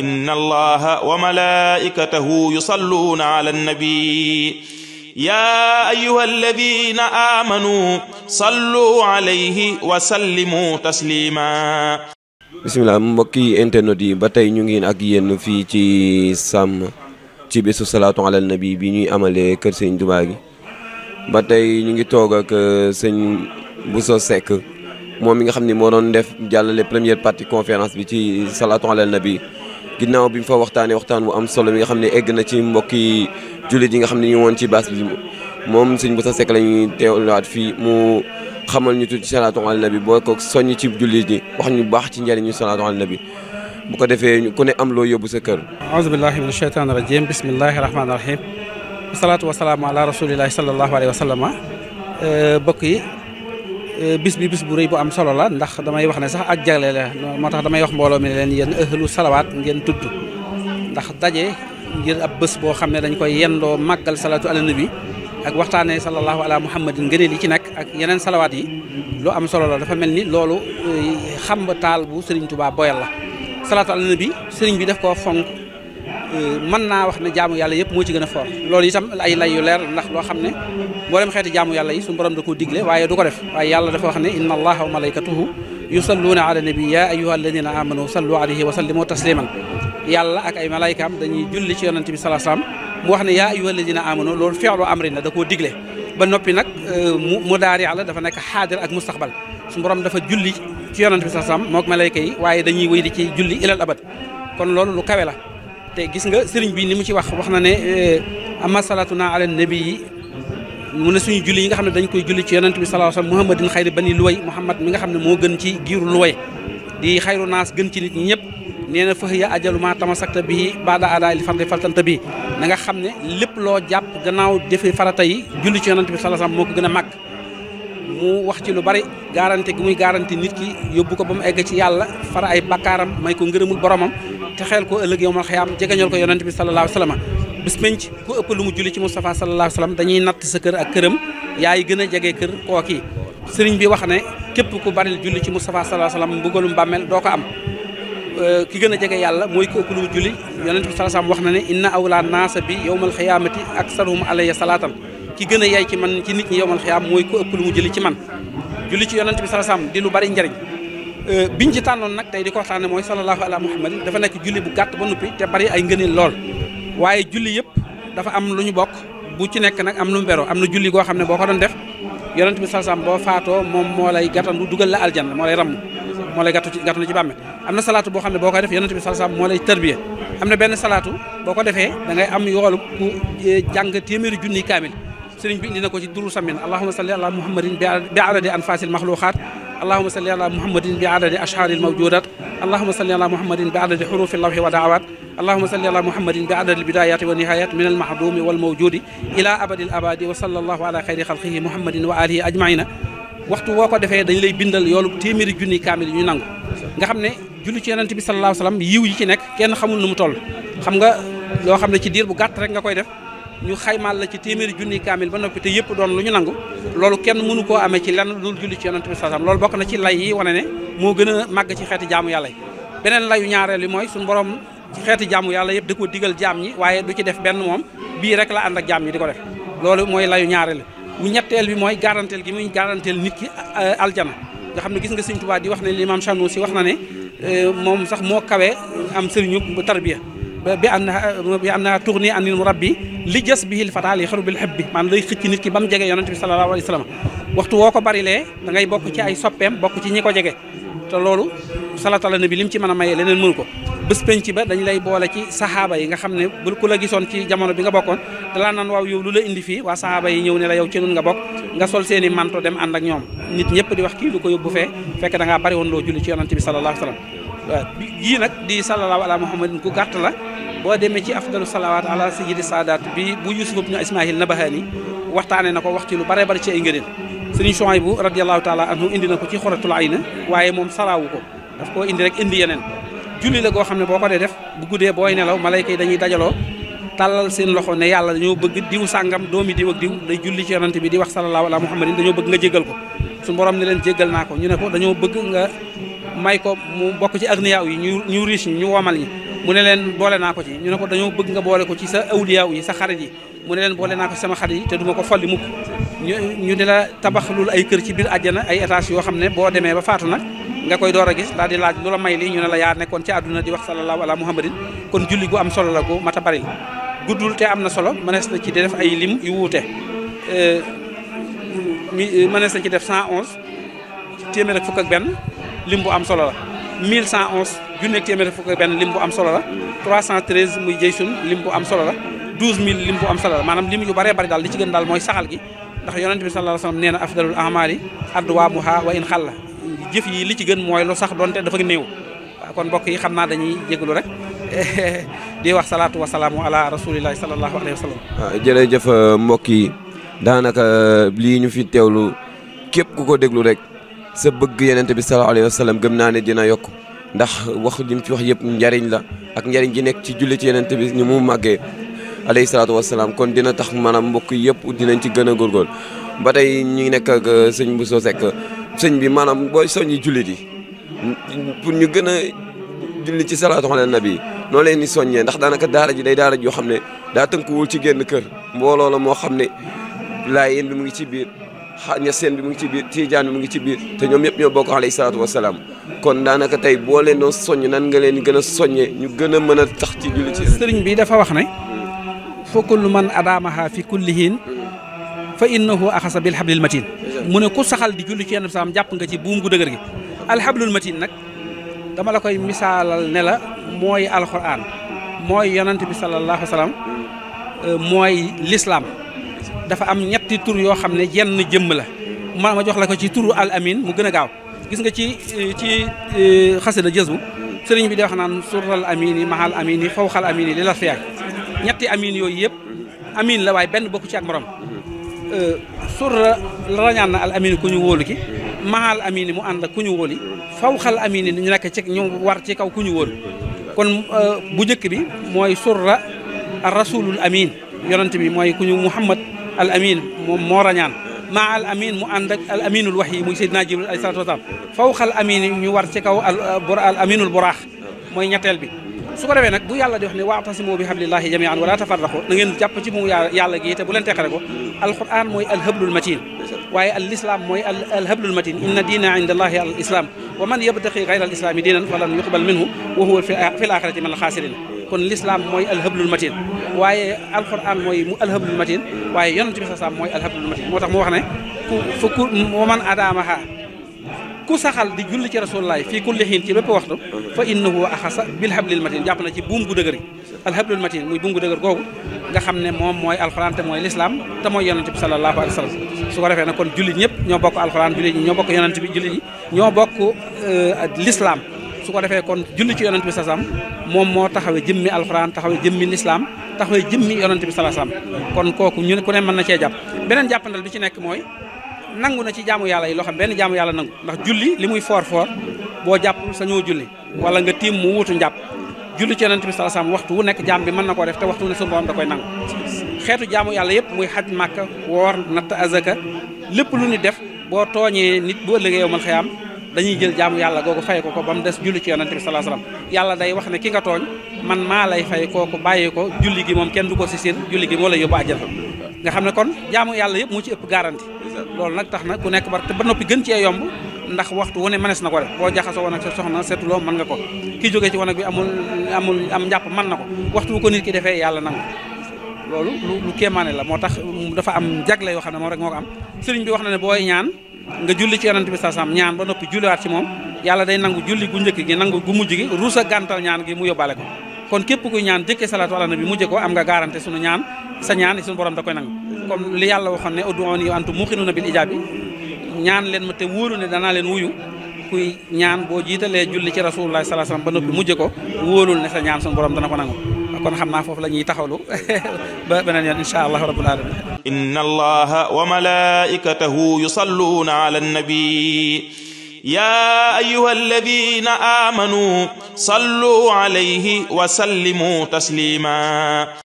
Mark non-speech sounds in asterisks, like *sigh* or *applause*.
inna allaha wa malaa'ikatahu yusalluuna ala nabi ya ayyuha alladina aamanu sallu alayhi wa sallimu taslima bisimilah mbokki internet yi ba tey ñu ngi ak yenn fii ci sàmm ci bésu salaatu ala nabi bi ñuy amalee kër sëñ Tuubaa gi ba tey ñu ngi toog ak sëñ soo Seck moom mi nga xam ni moo doon def jàllale première partie conférence bi ci salaatu ala nabi ginnaaw bi mu fa waxtaanee waxtaan bu am solo mi nga xam ne egg na ci mbokki jullit yi nga xam ne ñu woon ci baas bi moom sëñ Moussa Seck la ñuy teewlaat fii mu xamal ñu tu tuuti salaatu ala nabi boo ko soññ ci jullit ñi wax ñu baax ci njëriñu salaatu ala nabi bu ko defee ku ne am loo yóbbu sa kër. aouzu billahi min sa rajim bismillahi rahmaani rahim. salaatu wa salaam ala rasulillahi sallallahu alayhi wa sallam mbokk yi. Euh, bis bi bis bu rëy bu am solo la ndax damay wax ne sax ak jagle la moo tax damay wax mbooloo mi leen yéen ëhlu salawaat ngeen tudd ndax daje ngir ab bés boo xam ne dañ koy yendoo màggal salaatu ala nabi ak waxtaanee sallallahu ala muhammadin ngëneel yi ci nekk ak yeneen salawaat yi lu am solo la dafa mel ni loolu euh, xam taal bu Serigne Touba boyal la salaatu ala nabi Serigne bi daf koo fonk mën naa wax na jaamu yàlla yëpp moo ci gën a foor loolu itam ay lay yu leer ndax loo xam ne mboolem xeeti jaamu yàlla yi suñu borom da koo digle waaye du ko def waaye yàlla dafa wax ne inna allaha wa malaykatuhu yusalluuna ala nabi ya ayyuha alladina amanu sallu alayhi wa sallimu tasliman yàlla ak ay malaykaam dañuy julli ci yonante bi salaa salaam mu wax ne yaa ayyuha alladina amanu loolu fi'lu amrin la koo digle ba noppi nag euh, mu mu daari la dafa nekk ak mustaqbal suñu borom dafa julli ci yonante bi salaa salaam mook malayka yi waaye dañuy wéy di ci julli ilal abad kon loolu lu kawe la te gis nga sëriñ bi ni mu ci wax wax na ne eh, amma salaatuna ala nabi yi mu ne suñu julli yi nga xam ne dañ koy julli ci yonent bi sallallahu alayhi wasallam muhammadin xayri bani luway muhammad mi nga xam ne moo gën ci giiru luway di xayru naas gën ci nit ñëpp nee na fëx ma tamasakta bi baada ada li fardi bi na nga xam ne lépp loo jàpp gannaaw defi farata yi julli bi sallallahu alayhi wasallam moo ko gën a màgg mu wax ci lu bari garanti gi muy garanti nit ki yóbbu ko ba mu egg ci yàlla fara ay bakkaaram may ko ngërëmul boromam texeel xeel ko ëllëg yowmal xiyaam jegeñal ko yonent bi sallallahu alayhi wa sallam bis penc ku ëpp lu mu julli ci Moustapha sallallahu alayhi wa sallam dañuy natt sa kër ak këram yaay gën a jege kër kookii sëriñ bi wax ne képp ku bari julli ci Moustapha sallallahu alayhi wa sallam mbugalum bàmmeel doo ko am euh, ki gën a jege yàlla mooy ku ëpp lu mu julli yonent bi sallallahu alayhi wa sallam wax na ne inna awla naasa bi yowmal xiyaamati aksaruhum alayya salaatan ki gën a yaay ci man ci nit ñi yowmal xiyaam mooy ku ëpp lu mu julli ci man julli ci yonent bi sallallahu alayhi di lu bari njëriñ Euh, biñ ci tànnoon nag tey di ko waxtaane mooy sallallahu ala muhammadin dafa nekk julli bu gàtt ba noppi te bari ay ngëneel lool waaye julli yëpp dafa am lu ñu bokk bu ci nekk nag am lu mu beroo na julli goo xam ne boo ko doon def yonent bi salsam boo faatoo moom moo lay gàttandu dugal la aljanna moo lay ramm moo lay gàttu ci gàttandu ci bàmme am na salaatu boo xam ne boo koy def yonent bi salsam moo lay tërbiye boo ko defee da ngay am yoolu ku eh, jàng téeméeri junni kaamil sëriñ bi indi na ko ci duru samin allahuma salli ala muhammadin bi adadi anfasil maxluqaat allahuma salli ala muhammadin bi adadi ashhaari almawjudat allahuma salli ala muhammadin bi adadi xurufi lawxi wa daawat allahuma salli ala muhammadin bi adadi albidayati wa nihayat min almahdumi walmawjudi ila abadi al abadi wa salla allahu ala xayri xalqihi muhammadin wa alihi ajmaina waxtu woo ko defee dañ lay bindal yoolu téeméeri junni kaamil yu ñu nangu nga xam ne julli ci yonent bi sallallahu alayhi wa sallam yiw yi ci nekk kenn xamul nu mu toll xam nga loo xam ne ci diir bu gàtt rek nga koy def ñu xaymaal la ci téeméeri junni kaamil ba noppi te yëpp doon lu ñu nangu loolu kenn mënu koo amee ci lenn lu julli ci yonent bi saasam loolu bokk na ci lay yi wane ne moo gën a màgg ci xeeti jaamu yàlla yi beneen layu ñaareel yi mooy suñu borom ci xeeti jaamu yàlla yëpp da ko digal jaam ñi waaye du ci def benn moom bii rek la ànd ak jaam ñi di ko def loolu mooy layu ñaareel bu ñetteel bi mooy garanteel gi muy garanteel nit ki euh, aljana nga xam ne gis nga Sëñ di wax ne limaam Sanusi wax na ne euh, moom sax moo kawe am sëriñu tarbiya bi annaha bi annaha tuxni anil murabbi li jës bihi lfataal yi xaru bil bi maanaam day xëcc nit ki ba mu jege yonent bi sallallahu alayhi wa sallam waxtu woo ko barilee bokk ci ay soppeem bokk ci ñi ko jege te loolu salatala na bi lim ci mën a mayee leneen mënu ko bés penc ba dañ lay boole ci saxaaba yi nga xam ne ku la gisoon ci jamono bi nga bokkoon dalaa naan waaw yow lu la indi fii waa saxaaba yi ñëw ne la yow ci nun nga bokk sol seen i manto dem ànd nit ñëpp di wax kii lu ko yóbbu fee fekk da ngaa bari loo julli ci yonent bi sallallahu alayhi wa sallam waaw yii nag di sallallahu ala gàtt la boo demee ci afdalu salawaat ala sayyidi saadaat bi bu Yuusuf ibnu Ismaahil Nabahani waxtaane na ko wax ci lu bare bare ci ay ngëneel sëriñ Chouaïbou radiyallahu taala anhu indi na ko ci xoratul ayna waaye moom saraawu ko daf koo indi rek indi yeneen julli la goo xam ne boo ko dee def bu guddee booy nelaw malayka yi dañuy dajaloo tàllal seen loxo ne yàlla dañoo bëgg diw sàngam doomi diw ak diw day julli ci yonante bi di wax sallallahu ala muhammadin dañoo bëgg nga jégal ko suñu borom jégal naa ko ñu ne ko dañoo bëgg nga may ko mu bokk ci agniya yi ñu riche ñi ñu womal ñi mu ne leen boole naa ko ci ñu ne ko dañoo bëgg nga boole ko ci sa awliyaaw yi sa xarit yi mu ne leen boole naa ko ci sama xarit yi te duma ko folli mukk ñu ñu di la tabax lul ay kër ci biir àjjana ay étage yoo xam ne boo demee ba faatu nag nga koy door a gis daal di laaj lu la may lii ñu ne la yaa nekkoon ci àdduna di wax sallallahu ala muhammadin kon julli gu am solo la gu mata bari guddul te am na solo mënees na ci def ay lim yu wuute euh, mënees na ci def 111 téeméer ak fukk ak benn lim bu am solo la 1111 junni ak téeméer fukk ak benn lim bu am solo la 313 muy jëy sun lim bu am solo la 12000 lim am solo maanaam lim yu bëree bëri daal li ci gën daal mooy saxal gi ndax yonent bi sallallahu alayhi wasallam nee na afdalul ahmaali adwaamuha wa in la jëf yi li ci gën mooy lu sax doonte dafa néew waaw kon mbokk yi xam naa dañuy jégalu rek *laughs* di wax salaatu wa salaamu ala rasulillahi sallallahu alayhi wa sallam ah, jërëjëf euh, mbokk yi daanaka euh, lii ñu fi teewlu képp ku ko déglu rek sa bëgg yenent bi sallallahu alayhi wa gëm naa ne dina yokk ndax wax li mu ci wax yëpp njariñ la ak njariñ ji nekk ci julli ci yenent bi ni mu màggee alayhi salaatu wasalaam kon dina tax maanaam mbokk yëpp dinañ ci gën a góorgóorlu ba tey ñu ngi nekk ak euh, sëñ soo Seck sëñ bi maanaam booy soññi jullit yi pour ñu gën a julli ci salaatu ala nabi noo leen di soññee ndax daanaka daara ji day daara yoo xam ne daa tënkuwul ci génn kër mbooloo la moo xam ne laay mu ngi ci biir ñaseen bi mu ngi ci biir tiijaan bi mu ngi ci biir te ñoom yëpp ñoo bokk alayhi salaatu wasalaam kon daanaka tey boo leen doon soññ nan nga leen gën a soññee ñu gën a mën a tax ci julli ci sëriñ bi dafa wax ne fa kullu man adaamaha fi kulli hiin fa innahu axasa bi hablil matin mu ne ku saxal di julli ci yenn saam jàpp nga ci buum gu dëgër gi alhablul matin nag dama la koy misaalal nela la mooy alquran mooy yonante bi sallallahu alayhi wa mooy lislaam dafa am ñetti tur yoo xam ne jenn jëmm la ma ma jox la ko ci tur al amin mu gën a gaaw gis nga ci ci euh, xasida jësbu sëriñ bi di wax naan sural amin yi mahal amin yi xal amin yi li la fiyaag ñetti amin yooyu yëpp amin la waaye benn bokku ci ak morom euh, surra rañaan na al amin ku ñu wóolu ki mahal amin mu ànd ku ñu wóoli xal amin ñu nekk ci ñu war ci kaw ku ñu wóolu kon euh, bu njëkk bi mooy surra rasulul amin yonent bi mooy ku ñu muhammad al amin moom moo rañaan maa al amin mu ànd ak al aminul wax yi muy Seydina Jibril alayhi salaatu wasalaam fawq al amin ñu war ci kaw euh, al aminul buraax mooy ñetteel bi su ko defee nag bu yàlla di wax ne waatasimu bi hablillahi jamian wala tafarraqu na ngeen jàpp ci mu yàlla gi te bu leen teqale ko alquran mooy alhablul matin waaye al islam mooy alhablul matin inna diina inda allahi al islam wa man yabtaqi gayra al islami diinan falan yuqbal minhu wa huwa fi l axirati min al xaasirina kon lislaam mooy alhablul matin waaye alquran mooy mu alhablul matin waaye yonent bi sax mooy alhablul matin moo tax mu wax ne ku fa ku waman adamaha ku di julli ci rasulullah fii kulli xiin ci bépp waxtu fa innahu axasa bil hablil matin jàpp na ci buum gu dëgër alhablul matin muy buum gu dëgër googu nga xam ne moom mooy alxuraan te mooy lislaam te mooy yonent bi sallallahu alayhi wa sallam su ko defee nag kon jullit ñëpp ñoo bokk alxuraan jullit ñi ñoo bokk yonent bi jullit ñi ñoo bokk euh, lislaam su ko defee kon julli ci yonent bi sasam moom moo taxawee jëmmi alxuraan taxawee jëmmi lislaam taxawee jëmmi yonent bi salaasam kon kooku ñu ku ne mën na cee jàpp beneen jàppandal bi ci nekk mooy nangu na ci jaamu yàlla yi loo xam benn jaamu yàlla nangu ndax julli li muy foor foor boo jàpp sañoo julli wala nga tiim mu wutu njàpp julli ci yonent bi salaasam waxtu wu nekk jaam bi mën na koo def te waxtu wu ne suñu borom da koy nangu xeetu jaamu yàlla yëpp muy xaj màkka woor natt azaka lépp lu ñu def boo tooñee nit bu ëllëgee yow man xëyaam dañuy jël jaamu yàlla googu fay ko ko ba mu des julli ci yonante yàlla day wax ne ki nga tooñ man maa lay fay kooku bàyyi ko julli gi moom kenn du ko si seen julli gi moo lay yóbbu àjjana nga xam ne kon jaamu yàlla yëpp moo ci ëpp garanti loolu nag tax na ku nekk bar te ba noppi gën cee yomb ndax waxtu wu ne mënees na ko def boo jaxasoo woon ak sa soxna seetuloo man nga ko ki jógee ci wanag bi amul amul am njàpp mën na ko waxtu wu ko nit ki defee yàlla nangu loolu lu lu kéemaane la moo tax dafa am jagle yoo xa ne moom rek moo am nga julli ci yonent bi saa ñaan ba noppi julliwaat ci moom yàlla day nangu julli gu njëkk gi nangu gu mujj gi ruus a gàntal ñaan gi mu yóbbaale ko kon képp kuy ñaan jëkkee salaatu ala nabi mujje ko am nga garanté sunu ñaan sa ñaan sunu borom da koy nangu comme li yàlla waxoon ne ud'uuni antum muuqinuuna bil ijaabi ñaan leen ma te wóolu ne danaa leen wuyu kuy ñaan boo jiitalee julli ci rasulullah sallallahu alayhi wasallam ba noppi mujje ko wóolul ne sa ñaan sunu borom dana ko nangu kon xam naa foofu la ñuy taxawlu *laughs* ba beneen yoon incha allah rabbul alamin inna allaha wa malaikatahu yusalluna ala nabi يا أيها الذين آمنوا صلوا عليه وسلموا تسليما